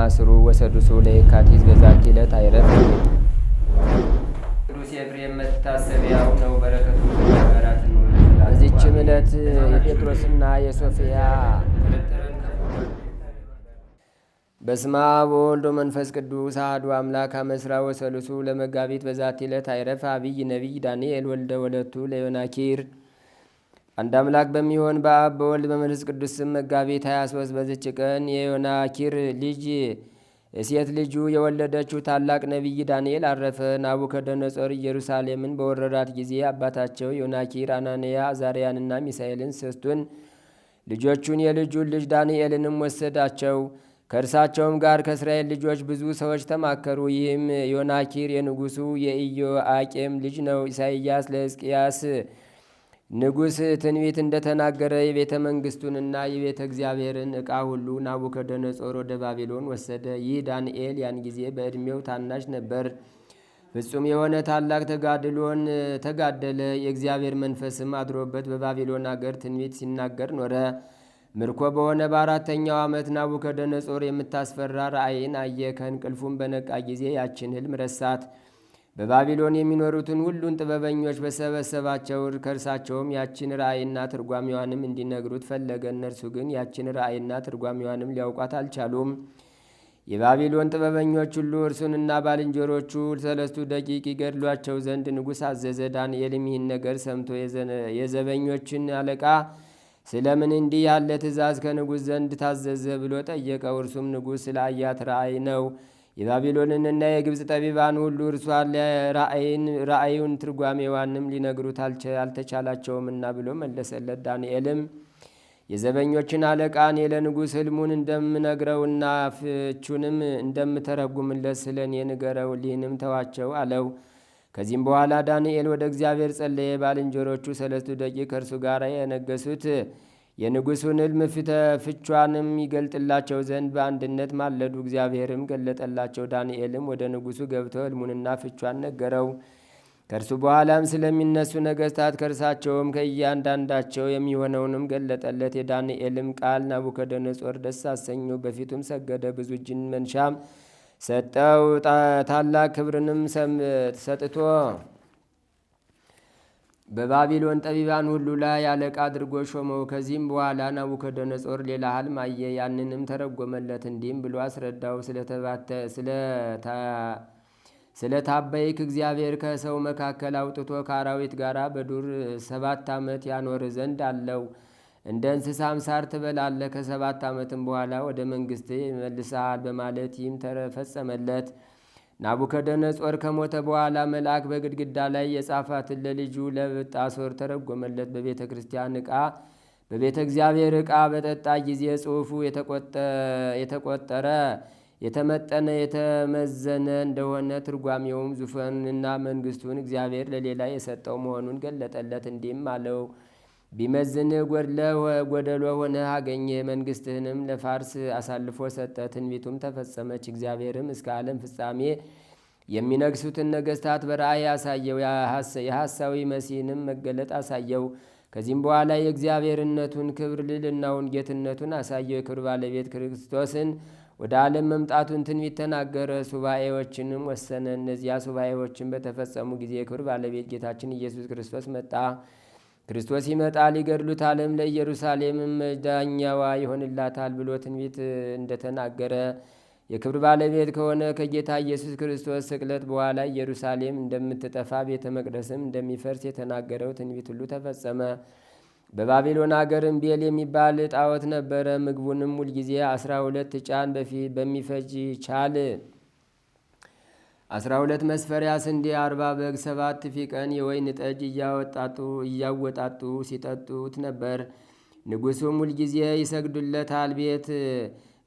ማስሩ ወሰዱሱ ለየካቲት በዛቲ ዕለት አይረፍ። ቅዱስ ኤፍሬም መታሰቢያው ነው። በረከቱ በዚችም ዕለት የጴጥሮስና የሶፊያ በስማ በወልዶ መንፈስ ቅዱስ አህዱ አምላክ አመስራ ወሰሉሱ ለመጋቢት በዛቲ ዕለት አይረፍ አብይ ነቢይ ዳንኤል ወልደ ወለቱ ለዮናኪር አንድ አምላክ በሚሆን በአብ በወልድ በመንፈስ ቅዱስ ስም መጋቢት 23 በዝች ቀን የዮናኪር ልጅ እሴት ልጁ የወለደችው ታላቅ ነቢይ ዳንኤል አረፈ። ናቡከደነጾር ኢየሩሳሌምን በወረዳት ጊዜ አባታቸው ዮናኪር አናንያ፣ አዛርያንና ሚሳኤልን ሶስቱን ልጆቹን የልጁን ልጅ ዳንኤልንም ወሰዳቸው። ከእርሳቸውም ጋር ከእስራኤል ልጆች ብዙ ሰዎች ተማከሩ። ይህም ዮናኪር የንጉሡ የኢዮአቄም ልጅ ነው። ኢሳይያስ ለሕዝቅያስ ንጉሥ ትንቢት እንደተናገረ የቤተ መንግሥቱንና የቤተ እግዚአብሔርን ዕቃ ሁሉ ናቡከደነጾር ወደ ባቢሎን ወሰደ። ይህ ዳንኤል ያን ጊዜ በዕድሜው ታናሽ ነበር። ፍጹም የሆነ ታላቅ ተጋድሎን ተጋደለ። የእግዚአብሔር መንፈስም አድሮበት በባቢሎን አገር ትንቢት ሲናገር ኖረ። ምርኮ በሆነ በአራተኛው ዓመት ናቡከደነጾር የምታስፈራ ራእይን አየ። ከእንቅልፉም በነቃ ጊዜ ያችን ህልም ረሳት። በባቢሎን የሚኖሩትን ሁሉን ጥበበኞች በሰበሰባቸው ከእርሳቸውም ያችን ራእይና ትርጓሚዋንም እንዲነግሩት ፈለገ። እነርሱ ግን ያችን ራእይና ትርጓሚዋንም ሊያውቋት አልቻሉም። የባቢሎን ጥበበኞች ሁሉ እርሱንና ባልንጀሮቹ ሰለስቱ ደቂቅ ይገድሏቸው ዘንድ ንጉሥ አዘዘ። ዳንኤልም ይህን ነገር ሰምቶ የዘበኞችን አለቃ ስለምን እንዲህ ያለ ትእዛዝ ከንጉሥ ዘንድ ታዘዘ ብሎ ጠየቀው። እርሱም ንጉሥ ስለ አያት ራእይ ነው የባቢሎንንና የግብፅ ጠቢባን ሁሉ እርሷን ራእዩን ትርጓሜዋንም ሊነግሩት አልተቻላቸውምና ብሎ መለሰለት። ዳንኤልም የዘበኞችን አለቃን ለንጉሥ ህልሙን እንደምነግረውና ፍቹንም እንደምተረጉምለት ስለ እኔ ንገረው፣ ሊህንም ተዋቸው አለው። ከዚህም በኋላ ዳንኤል ወደ እግዚአብሔር ጸለየ። ባልንጀሮቹ ሰለስቱ ደቂቅ ከእርሱ ጋር የነገሱት የንጉሱን ህልም ፍተ ፍቿንም ይገልጥላቸው ዘንድ በአንድነት ማለዱ። እግዚአብሔርም ገለጠላቸው። ዳንኤልም ወደ ንጉሱ ገብቶ ህልሙንና ፍቿን ነገረው። ከእርሱ በኋላም ስለሚነሱ ነገስታት ከእርሳቸውም ከእያንዳንዳቸው የሚሆነውንም ገለጠለት። የዳንኤልም ቃል ናቡከደነጾር ደስ አሰኘው። በፊቱም ሰገደ። ብዙ እጅን መንሻም ሰጠው። ታላቅ ክብርንም ሰጥቶ በባቢሎን ጠቢባን ሁሉ ላይ አለቃ አድርጎ ሾመው። ከዚህም በኋላ ናቡከደነጾር ሌላ ህልም አየ። ያንንም ተረጎመለት እንዲህም ብሎ አስረዳው። ስለታበይክ እግዚአብሔር ከሰው መካከል አውጥቶ ከአራዊት ጋር በዱር ሰባት ዓመት ያኖር ዘንድ አለው። እንደ እንስሳም ሳር ትበላለህ። ከሰባት ዓመትም በኋላ ወደ መንግሥት ይመልስሃል በማለት ይህም ተፈጸመለት። ናቡከደነጾር ከሞተ በኋላ መልአክ በግድግዳ ላይ የጻፋትን ለልጁ ለብጣሶር ተረጎመለት። በቤተ ክርስቲያን ዕቃ በቤተ እግዚአብሔር ዕቃ በጠጣ ጊዜ ጽሑፉ የተቆጠረ የተመጠነ የተመዘነ እንደሆነ ትርጓሜውም ዙፋኑንና መንግስቱን እግዚአብሔር ለሌላ የሰጠው መሆኑን ገለጠለት። እንዲህም አለው ቢመዝን ጎደሎ ሆነ አገኘ መንግስትህንም ለፋርስ አሳልፎ ሰጠ። ትንቢቱም ተፈጸመች። እግዚአብሔርም እስከ ዓለም ፍጻሜ የሚነግሱትን ነገስታት በራእይ አሳየው። የሐሳዊ መሲህንም መገለጥ አሳየው። ከዚህም በኋላ የእግዚአብሔርነቱን ክብር፣ ልዕልናውን፣ ጌትነቱን አሳየው። የክብር ባለቤት ክርስቶስን ወደ ዓለም መምጣቱን ትንቢት ተናገረ። ሱባኤዎችንም ወሰነ። እነዚያ ሱባኤዎችን በተፈጸሙ ጊዜ የክብር ባለቤት ጌታችን ኢየሱስ ክርስቶስ መጣ። ክርስቶስ ይመጣል ይገድሉታልም፣ ለኢየሩሳሌምም መዳኛዋ ይሆንላታል ብሎ ትንቢት እንደተናገረ የክብር ባለቤት ከሆነ ከጌታ ኢየሱስ ክርስቶስ ስቅለት በኋላ ኢየሩሳሌም እንደምትጠፋ ቤተ መቅደስም እንደሚፈርስ የተናገረው ትንቢት ሁሉ ተፈጸመ። በባቢሎን አገርም ቤል የሚባል ጣዖት ነበረ። ምግቡንም ሁልጊዜ አስራ ሁለት ጫን በሚፈጅ ቻል አስራ ሁለት መስፈሪያ ስንዴ አርባ በግ ሰባት ፊቀን የወይን ጠጅ እያወጣጡ እያወጣጡ ሲጠጡት ነበር። ንጉሱም ሁልጊዜ ይሰግዱለታል። ቤት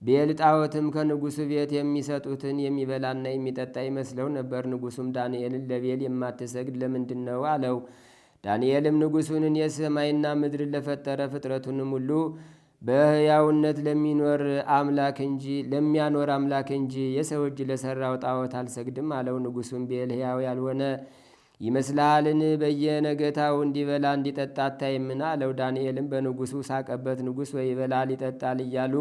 ቤል ጣዖትም ከንጉሱ ቤት የሚሰጡትን የሚበላና የሚጠጣ ይመስለው ነበር። ንጉሱም ዳንኤልን ለቤል የማትሰግድ ለምንድን ነው አለው። ዳንኤልም ንጉሡን የሰማይና ምድርን ለፈጠረ ፍጥረቱንም ሁሉ በሕያውነት ለሚኖር አምላክ እንጂ ለሚያኖር አምላክ እንጂ የሰው እጅ ለሠራው ጣዖት አልሰግድም አለው። ንጉሡም ቤል ሕያው ያልሆነ ይመስላልን በየነገታው እንዲበላ እንዲጠጣ አታይምና አለው። ዳንኤልም በንጉሡ ሳቀበት። ንጉሥ ወይ ይበላል ይጠጣል እያሉ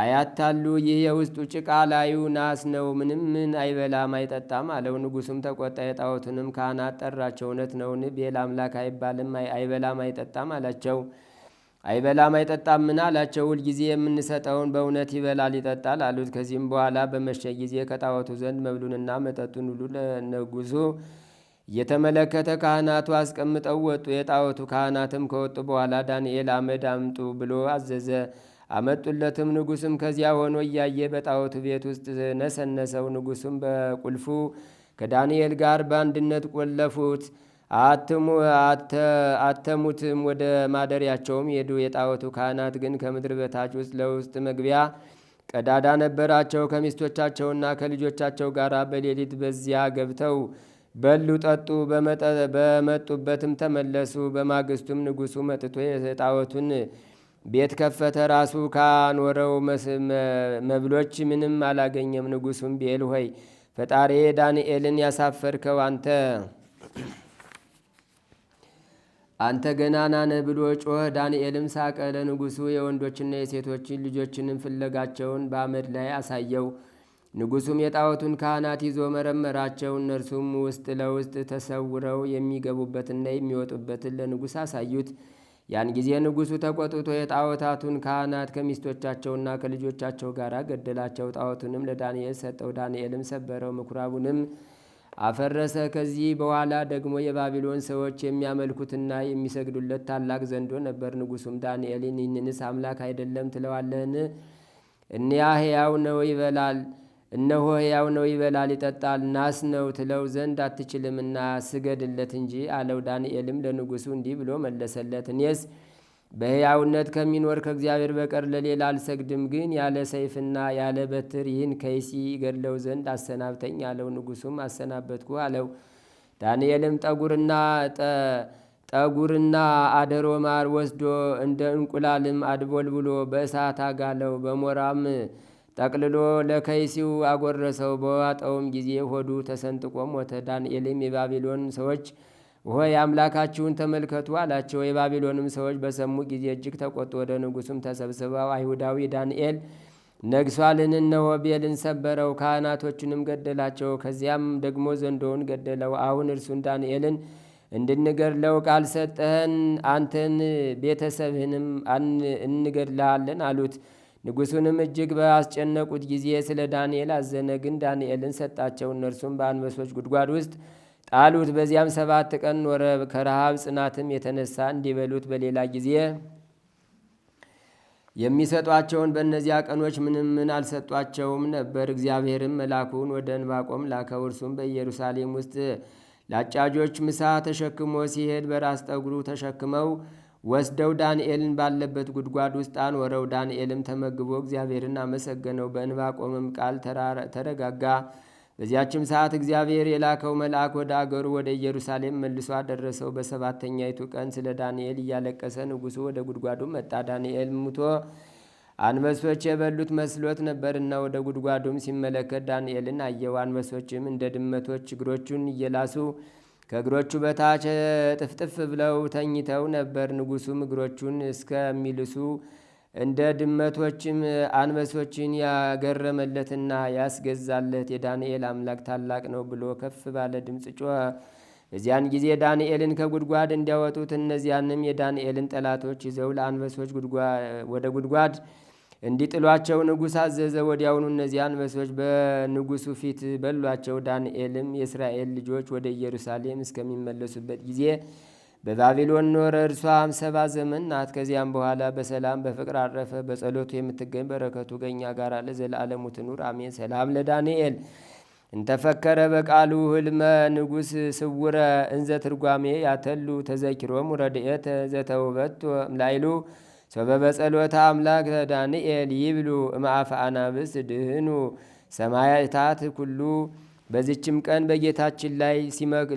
አያታሉ ይህ የውስጡ ጭቃ ላዩ ናስ ነው፣ ምንም ምን አይበላም አይጠጣም አለው። ንጉሡም ተቆጣ። የጣዖቱንም ካህናት ጠራቸው። እውነት ነውን? ቤል አምላክ አይባልም አይበላም አይጠጣም አላቸው። አይበላም አይጠጣምና አላቸው። ሁልጊዜ የምንሰጠውን በእውነት ይበላል ይጠጣል አሉት። ከዚህም በኋላ በመሸ ጊዜ ከጣዖቱ ዘንድ መብሉንና መጠጡን ሁሉ ለንጉሡ እየተመለከተ ካህናቱ አስቀምጠው ወጡ። የጣዖቱ ካህናትም ከወጡ በኋላ ዳንኤል አመድ አምጡ ብሎ አዘዘ። አመጡለትም። ንጉስም ከዚያ ሆኖ እያየ በጣዖቱ ቤት ውስጥ ነሰነሰው። ንጉስም በቁልፉ ከዳንኤል ጋር በአንድነት ቆለፉት። አተሙትም። ወደ ማደሪያቸውም ሄዱ። የጣዖቱ ካህናት ግን ከምድር በታች ውስጥ ለውስጥ መግቢያ ቀዳዳ ነበራቸው። ከሚስቶቻቸውና ከልጆቻቸው ጋር በሌሊት በዚያ ገብተው በሉ፣ ጠጡ። በመጡበትም ተመለሱ። በማግስቱም ንጉሡ መጥቶ የጣዖቱን ቤት ከፈተ። ራሱ ካኖረው መብሎች ምንም አላገኘም። ንጉሡም ቤል ሆይ ፈጣሪ ዳንኤልን ያሳፈርከው አንተ አንተ ገናና ነህ ብሎ ጮህ ዳንኤልም ሳቀ። ለንጉሡ የወንዶችና የሴቶችን ልጆችንም ፍለጋቸውን በአመድ ላይ አሳየው። ንጉሱም የጣዖቱን ካህናት ይዞ መረመራቸው። እነርሱም ውስጥ ለውስጥ ተሰውረው የሚገቡበትና የሚወጡበትን ለንጉሥ አሳዩት። ያን ጊዜ ንጉሡ ተቆጥቶ የጣዖታቱን ካህናት ከሚስቶቻቸውና ከልጆቻቸው ጋር ገደላቸው። ጣዖቱንም ለዳንኤል ሰጠው። ዳንኤልም ሰበረው፣ ምኩራቡንም አፈረሰ። ከዚህ በኋላ ደግሞ የባቢሎን ሰዎች የሚያመልኩትና የሚሰግዱለት ታላቅ ዘንዶ ነበር። ንጉሱም ዳንኤልን ይህንንስ አምላክ አይደለም ትለዋለህን? እኒያ ሕያው ነው ይበላል እነሆ ሕያው ነው ይበላል ይጠጣል፣ ናስ ነው ትለው ዘንድ አትችልምና ስገድለት እንጂ አለው። ዳንኤልም ለንጉሱ እንዲህ ብሎ መለሰለት እኔስ በሕያውነት ከሚኖር ከእግዚአብሔር በቀር ለሌላ አልሰግድም፣ ግን ያለ ሰይፍና ያለ በትር ይህን ከይሲ ገድለው ዘንድ አሰናብተኝ አለው። ንጉሱም አሰናበትኩ አለው። ዳንኤልም ጠጉርና ጠጉርና አደሮ ማር ወስዶ እንደ እንቁላልም አድቦልብሎ በእሳት አጋለው፣ በሞራም ጠቅልሎ ለከይሲው አጎረሰው። በዋጠውም ጊዜ ሆዱ ተሰንጥቆ ሞተ። ዳንኤልም የባቢሎን ሰዎች ወ አምላካችሁን ተመልከቱ አላቸው። የባቢሎንም ሰዎች በሰሙ ጊዜ እጅግ ተቆጡ። ወደ ንጉሱም ተሰብስበው አይሁዳዊ ዳንኤል ነግሷልን፣ እነሆ ቤልን ሰበረው፣ ካህናቶቹንም ገደላቸው። ከዚያም ደግሞ ዘንዶውን ገደለው። አሁን እርሱን ዳንኤልን እንድንገድለው ቃል ሰጠህን፣ አንተን ቤተሰብህንም እንገድልሃለን አሉት። ንጉሱንም እጅግ በአስጨነቁት ጊዜ ስለ ዳንኤል አዘነ። ግን ዳንኤልን ሰጣቸው፣ እነርሱም በአንበሶች ጉድጓድ ውስጥ ጣሉት። በዚያም ሰባት ቀን ኖረ። ከረሃብ ጽናትም የተነሳ እንዲበሉት በሌላ ጊዜ የሚሰጧቸውን በእነዚያ ቀኖች ምንም ምን አልሰጧቸውም ነበር። እግዚአብሔርም መልአኩን ወደ እንባቆም ላከው። እርሱም በኢየሩሳሌም ውስጥ ለአጫጆች ምሳ ተሸክሞ ሲሄድ በራስ ጠጉሩ ተሸክመው ወስደው ዳንኤልን ባለበት ጉድጓድ ውስጥ አኖረው። ዳንኤልም ተመግቦ እግዚአብሔርን አመሰገነው። በእንባቆምም ቃል ተረጋጋ። በዚያችም ሰዓት እግዚአብሔር የላከው መልአክ ወደ አገሩ ወደ ኢየሩሳሌም መልሶ አደረሰው። በሰባተኛይቱ ቀን ስለ ዳንኤል እያለቀሰ ንጉሱ ወደ ጉድጓዱ መጣ። ዳንኤል ሙቶ አንበሶች የበሉት መስሎት ነበርና ወደ ጉድጓዱም ሲመለከት ዳንኤልን አየው። አንበሶችም እንደ ድመቶች እግሮቹን እየላሱ ከእግሮቹ በታች ጥፍጥፍ ብለው ተኝተው ነበር። ንጉሱም እግሮቹን እስከሚልሱ እንደ ድመቶችም አንበሶችን ያገረመለትና ያስገዛለት የዳንኤል አምላክ ታላቅ ነው ብሎ ከፍ ባለ ድምፅ ጮኸ። እዚያን ጊዜ ዳንኤልን ከጉድጓድ እንዲያወጡት እነዚያንም የዳንኤልን ጠላቶች ይዘው ለአንበሶች ወደ ጉድጓድ እንዲጥሏቸው ንጉሥ አዘዘ። ወዲያውኑ እነዚህ አንበሶች በንጉሱ ፊት በሏቸው። ዳንኤልም የእስራኤል ልጆች ወደ ኢየሩሳሌም እስከሚመለሱበት ጊዜ በባቢሎን ኖረ። እርሷም ሰባ ዘመን ናት። ከዚያም በኋላ በሰላም በፍቅር አረፈ። በጸሎቱ የምትገኝ በረከቱ ገኛ ጋር ለዘላለሙ ትኑር አሜን። ሰላም ለዳንኤል እንተፈከረ በቃሉ ህልመ ንጉሥ ስውረ እንዘ ትርጓሜ ያተሉ ተዘኪሮም ረድኤተ ዘተውበት ላይሉ ሰበበ ጸሎታ አምላክ ዳንኤል ይብሉ እምአፈ አናብስ ድህኑ ሰማያታት ኩሉ በዚችም ቀን በጌታችን ላይ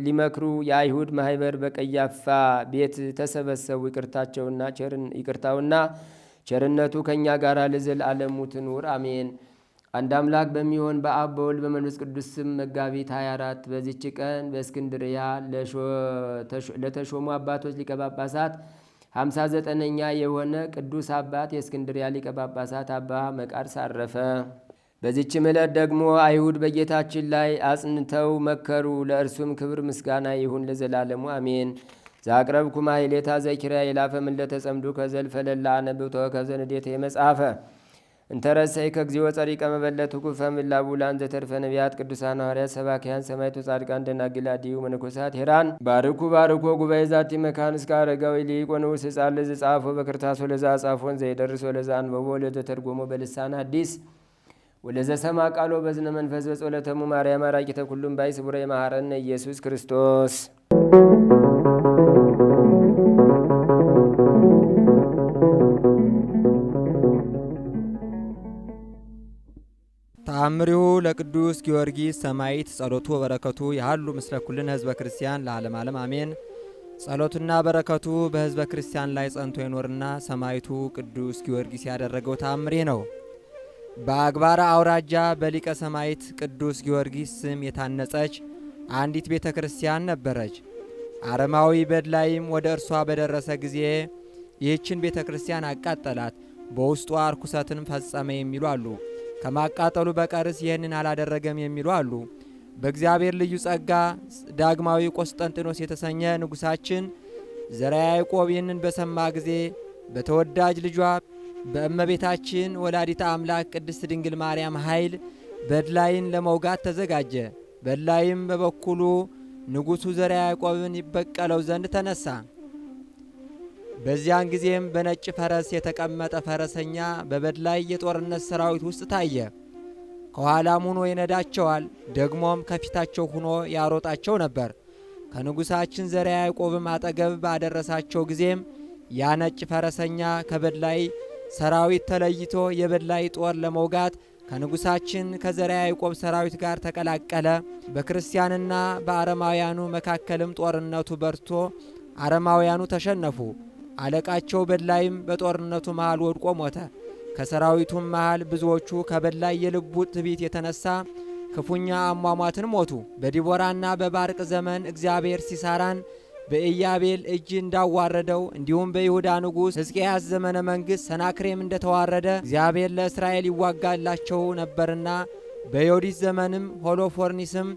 ሊመክሩ የአይሁድ ማህበር በቀያፋ ቤት ተሰበሰቡ። ይቅርታቸውና ይቅርታውና ቸርነቱ ከእኛ ጋር ልዝል አለሙ ትኑር አሜን። አንድ አምላክ በሚሆን በአብ በወልድ በመንፈስ ቅዱስ ስም መጋቢት 24 በዚች ቀን በእስክንድርያ ለተሾሙ አባቶች ሊቀጳጳሳት 59ኛ የሆነ ቅዱስ አባት የእስክንድርያ ሊቀጳጳሳት አባ መቃርስ አረፈ። በዚችም ዕለት ደግሞ አይሁድ በጌታችን ላይ አጽንተው መከሩ። ለእርሱም ክብር ምስጋና ይሁን ለዘላለሙ አሜን። ዛቅረብኩ ማሕሌታ ዘኪርያ የላፈ ምለተ ጸምዱ ከዘልፈለላ ነብቶ ከዘንዴት የመጻፈ እንተረሰይ ከእግዚኦ ጸሪቀ መበለት ኩፈ ምላቡላን ዘተርፈ ነቢያት ቅዱሳን ሐዋርያት ሰባኪያን ሰማይቱ ጻድቃን ደናግል ዲዩ መነኮሳት ሄራን ባርኩ ባርኮ ጉባኤ ዛቲ መካን እስከ አረጋዊ ሊቆ ንዑስ ሕፃን ለዝጻፎ በክርታስ ወለዛ ጻፎን ዘይደርስ ወለዛ አንበቦ ለዘተርጎሞ በልሳን አዲስ ወለዘሰማ ቃሎ በዝነ መንፈስ በጸሎተሙ ማርያም አራቂተ ኩሉም ባይ ስቡረ የማሐረነ ኢየሱስ ክርስቶስ ተአምሪሁ ለቅዱስ ጊዮርጊስ ሰማይት ጸሎቱ በረከቱ ያህሉ ምስለ ኩልን ህዝበ ክርስቲያን ለዓለም ዓለም አሜን። ጸሎቱና በረከቱ በህዝበ ክርስቲያን ላይ ጸንቶ ይኖርና ሰማይቱ ቅዱስ ጊዮርጊስ ያደረገው ተአምሪ ነው። በአግባራ አውራጃ በሊቀ ሰማይት ቅዱስ ጊዮርጊስ ስም የታነጸች አንዲት ቤተ ክርስቲያን ነበረች። አረማዊ በድላይም ወደ እርሷ በደረሰ ጊዜ ይህችን ቤተ ክርስቲያን አቃጠላት፣ በውስጧ አርኩሰትን ፈጸመ የሚሉ አሉ። ከማቃጠሉ በቀርስ ይህንን አላደረገም የሚሉ አሉ። በእግዚአብሔር ልዩ ጸጋ ዳግማዊ ቆስጠንጢኖስ የተሰኘ ንጉሳችን ዘርዓ ያዕቆብ ይህንን በሰማ ጊዜ በተወዳጅ ልጇ በእመቤታችን ወላዲተ አምላክ ቅድስት ድንግል ማርያም ኃይል በድላይን ለመውጋት ተዘጋጀ። በድላይም በበኩሉ ንጉሡ ዘርዓ ያዕቆብን ይበቀለው ዘንድ ተነሳ። በዚያን ጊዜም በነጭ ፈረስ የተቀመጠ ፈረሰኛ በበድላይ የጦርነት ሰራዊት ውስጥ ታየ። ከኋላም ሁኖ ይነዳቸዋል፣ ደግሞም ከፊታቸው ሁኖ ያሮጣቸው ነበር። ከንጉሳችን ዘርዓ ያዕቆብም አጠገብ ባደረሳቸው ጊዜም ያ ነጭ ፈረሰኛ ከበድላይ ሰራዊት ተለይቶ የበላይ ጦር ለመውጋት ከንጉሳችን ከዘርዓ ያዕቆብ ሰራዊት ጋር ተቀላቀለ። በክርስቲያንና በአረማውያኑ መካከልም ጦርነቱ በርቶ አረማውያኑ ተሸነፉ። አለቃቸው በላይም በጦርነቱ መሃል ወድቆ ሞተ። ከሰራዊቱም መሃል ብዙዎቹ ከበላይ የልቡ ትቢት የተነሳ ክፉኛ አሟሟትን ሞቱ። በዲቦራና በባርቅ ዘመን እግዚአብሔር ሲሳራን በኢያቤል እጅ እንዳዋረደው እንዲሁም በይሁዳ ንጉሥ ሕዝቅያስ ዘመነ መንግሥት ሰናክሬም እንደተዋረደ እግዚአብሔር ለእስራኤል ይዋጋላቸው ነበርና በዮዲስ ዘመንም ሆሎፎርኒስም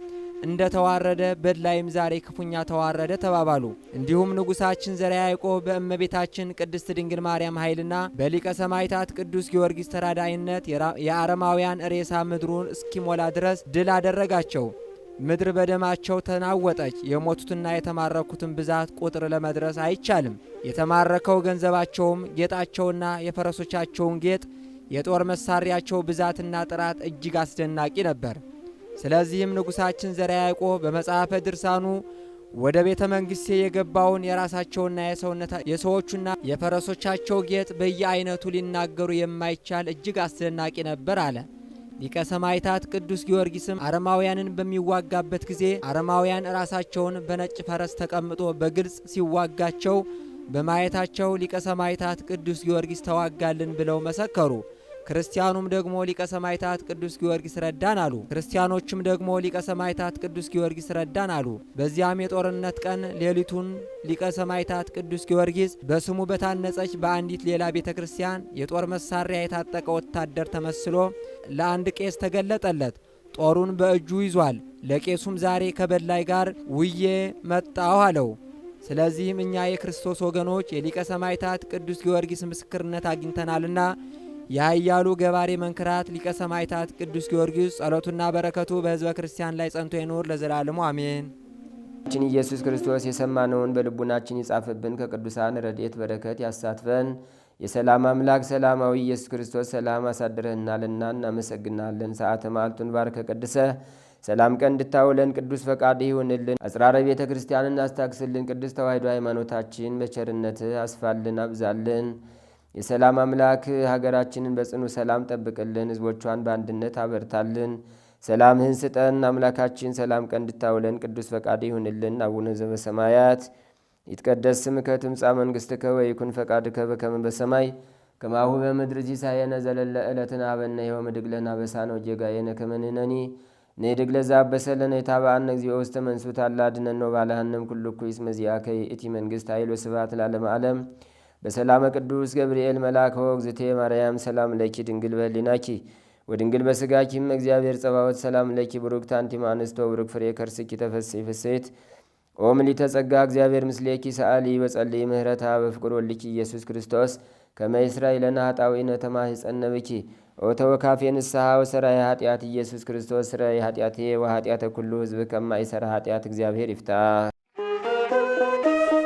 እንደተዋረደ በድላይም ዛሬ ክፉኛ ተዋረደ ተባባሉ። እንዲሁም ንጉሳችን ዘርዓ ያዕቆብ በእመቤታችን ቅድስት ድንግል ማርያም ኃይልና በሊቀ ሰማይታት ቅዱስ ጊዮርጊስ ተራዳይነት የአረማውያን ሬሳ ምድሩን እስኪሞላ ድረስ ድል አደረጋቸው። ምድር በደማቸው ተናወጠች። የሞቱትና የተማረኩትን ብዛት ቁጥር ለመድረስ አይቻልም። የተማረከው ገንዘባቸውም፣ ጌጣቸውና የፈረሶቻቸውን ጌጥ፣ የጦር መሳሪያቸው ብዛትና ጥራት እጅግ አስደናቂ ነበር። ስለዚህም ንጉሳችን ዘርዓ ያዕቆብ በመጽሐፈ ድርሳኑ ወደ ቤተ መንግሥቴ የገባውን የራሳቸውና የሰውነታ የሰዎቹና የፈረሶቻቸው ጌጥ በየአይነቱ ሊናገሩ የማይቻል እጅግ አስደናቂ ነበር አለ። ሊቀ ሰማይታት ቅዱስ ጊዮርጊስም አረማውያንን በሚዋጋበት ጊዜ አረማውያን ራሳቸውን በነጭ ፈረስ ተቀምጦ በግልጽ ሲዋጋቸው በማየታቸው ሊቀ ሰማይታት ቅዱስ ጊዮርጊስ ተዋጋልን ብለው መሰከሩ። ክርስቲያኑም ደግሞ ሊቀ ሰማይታት ቅዱስ ጊዮርጊስ ረዳን አሉ። ክርስቲያኖችም ደግሞ ሊቀ ሰማይታት ቅዱስ ጊዮርጊስ ረዳን አሉ። በዚያም የጦርነት ቀን ሌሊቱን ሊቀ ሰማይታት ቅዱስ ጊዮርጊስ በስሙ በታነጸች በአንዲት ሌላ ቤተ ክርስቲያን የጦር መሳሪያ የታጠቀ ወታደር ተመስሎ ለአንድ ቄስ ተገለጠለት። ጦሩን በእጁ ይዟል። ለቄሱም ዛሬ ከበላይ ጋር ውዬ መጣሁ አለው። ስለዚህም እኛ የክርስቶስ ወገኖች የሊቀ ሰማይታት ቅዱስ ጊዮርጊስ ምስክርነት አግኝተናልና የኃያሉ ገባሬ መንክራት ሊቀ ሰማዕታት ቅዱስ ጊዮርጊስ ጸሎቱና በረከቱ በሕዝበ ክርስቲያን ላይ ጸንቶ ይኑር ለዘላለሙ አሜን። ችን ኢየሱስ ክርስቶስ የሰማነውን በልቡናችን ይጻፍብን፣ ከቅዱሳን ረድኤት በረከት ያሳትፈን። የሰላም አምላክ ሰላማዊ ኢየሱስ ክርስቶስ ሰላም አሳድረህናልና እናመሰግናለን። ሰዓተ ማልቱን ባርከ ቀድሰ ሰላም ቀን እንድታውለን ቅዱስ ፈቃድ ይሁንልን። አጽራረ ቤተ ክርስቲያንን አስታክስልን። ቅዱስ ተዋሕዶ ሃይማኖታችን በቸርነት አስፋልን አብዛልን። የሰላም አምላክ ሀገራችንን በጽኑ ሰላም ጠብቅልን፣ ህዝቦቿን በአንድነት አበርታልን። ሰላምህን ስጠን። አምላካችን ሰላም ቀን እንድታውለን ቅዱስ ፈቃድ ይሁንልን። አቡነ ዘበሰማያት ይትቀደስ ስምከ ትምጻእ መንግሥትከ ወይኩን ፈቃድከ በከመ በሰማይ ከማሁ በምድር ሲሳየነ ዘለለ ዕለትነ ሀበነ ዮም ወኅድግ ለነ አበሳነ ወጌጋየነ ከመ ንሕነኒ ንኅድግ ለዘአበሰ ለነ የታበአነ እግዚኦ ውስተ መንሱት አላ አድኅነነ ወባልሐነም ኩሉ እኩይ እስመ ዚአከ ይእቲ መንግሥት ኃይል ወስብሐት ለዓለመ ዓለም በሰላመ ቅዱስ ገብርኤል መልአክ ወግዝቴ ማርያም ሰላም ለኪ ድንግል በሊናኪ ወድንግል በስጋኪም እግዚአብሔር ጸባወት ሰላም ለኪ ብሩክት አንቲ እምአንስቶ ብሩክ ፍሬ ከርስኪ ተፈሥሒ ፍሥሕት ኦም ምልዕተ ጸጋ እግዚአብሔር ምስሌኪ ሰአሊ በጸልይ ምህረታ በፍቅር ወልኪ ኢየሱስ ክርስቶስ ከመ ይሥራይ ለነ ኃጣውኢነ ተማኅፀነ ብኪ ኦ ተወካፌ ንስሓ ወሰራይ ኢየሱስ ክርስቶስ ስራይ ኃጢአቴ ወኃጢአተ ኩሉ ሕዝብ ከማይሠራ ኃጢአት እግዚአብሔር ይፍታ።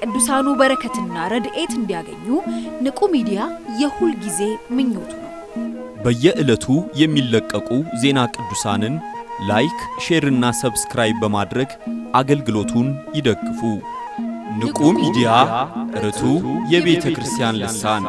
የቅዱሳኑ በረከትና ረድኤት እንዲያገኙ ንቁ ሚዲያ የሁል ጊዜ ምኞቱ ነው። በየዕለቱ የሚለቀቁ ዜና ቅዱሳንን ላይክ፣ ሼርና ሰብስክራይብ በማድረግ አገልግሎቱን ይደግፉ። ንቁ ሚዲያ ርቱ የቤተ ክርስቲያን ልሳን